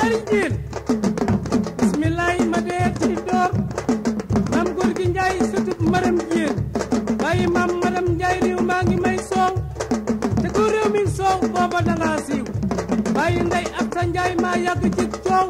lari jiin bismillaay ci door njaay sutub maa ngi may soow te ku réew mi soow booba dangaa siiw bàyyi ndey ak njaay maa yàgg ci coow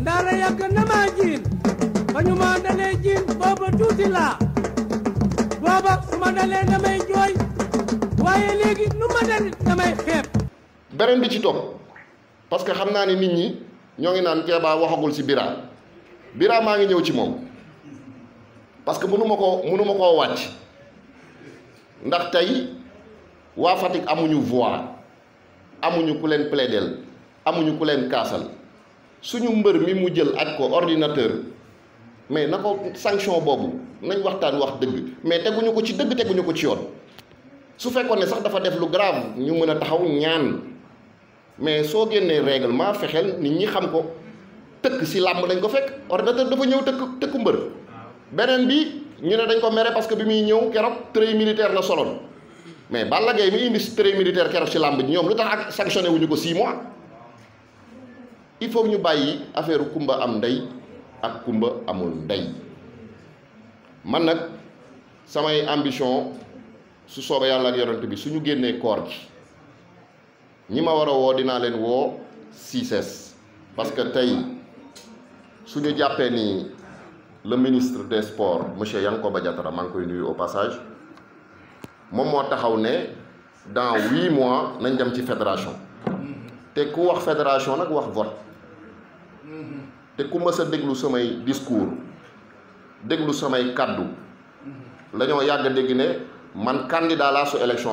ndaara yàgg na maa jiin ba ñu ma dalee jiin booba tuuti booba su ma dalee damay jooy waaye léegi nu ma dalit damay xeeb beneen bi ci topp parce que xam naa ni nit ñi ñoo ngi naan Keba waxagul si Bira Bira maa ngi ñëw ci moom parce que mënu ma koo mënu ma koo wàcc ndax tey waa Fatick amuñu voix amuñu ku leen plaidel amuñu ku leen kaasal suñu mbër mi mu jël ak ko ordinateur mais na ko sanction boobu nañ waxtaan wax dëgg mais teguñu ko ci dëgg teguñu ko ci yoon su fekkoon ne sax dafa def lu grave ñu mën a taxaw ñaan. mais soo génnee règlement fexeel nit ñi xam ko tëkk si làmb dañ ko fekk war ordinateur dafa ñëw tëkk te mbër beneen bi ñu ne dañ ko mere parce que bi muy ñëw keroog trait militaire la soloon mais Balla Gaye mi indi trait militaire keroog si làmb ji ñoom lu tax ak sanctionné wuñu ko 6 mois il faut ñu bàyyi affaire kumba am ndey ak kumba amul ndey man nag samay ambition su soobee yàlla ak yonent bi suñu génnee koor gi ñi ma war a woo dinaa e parce que le ministre des sports monsieur Yanko Badiatra, maa koy au passage moom moo taxaw ne dans 8 mois nañ dem ci fédération te ku wax fédération nag wax vote te ku mës déglu samay discours déglu dégg man candidat laa su élection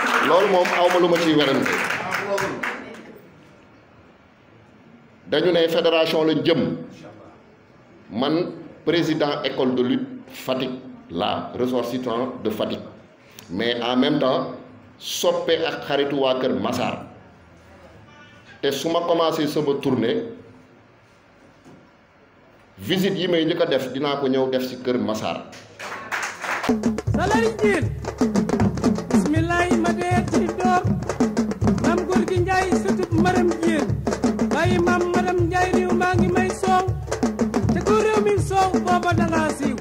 loolu moom awma lu ma ciy werante dañu ne fédération la jëm man président école de lutte Fatick la ressortissant de Fatick mais en même temps soppe ak xaritu waa Kër Massar te su ma commencé sama tournée visite yi may njëkk a def dinaa ko ñëw def ci Kër Massar. booba danga siiw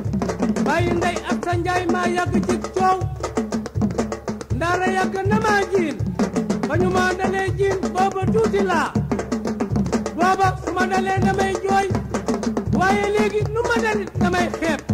bàyyi ndey ak sa njaay yàgg ci coow ndaara yàgg na maa jiin ba ñu ma jiin booba tuuti laa booba su ma dalee damay jooy waaye léegi nu ma dalit damay xeeb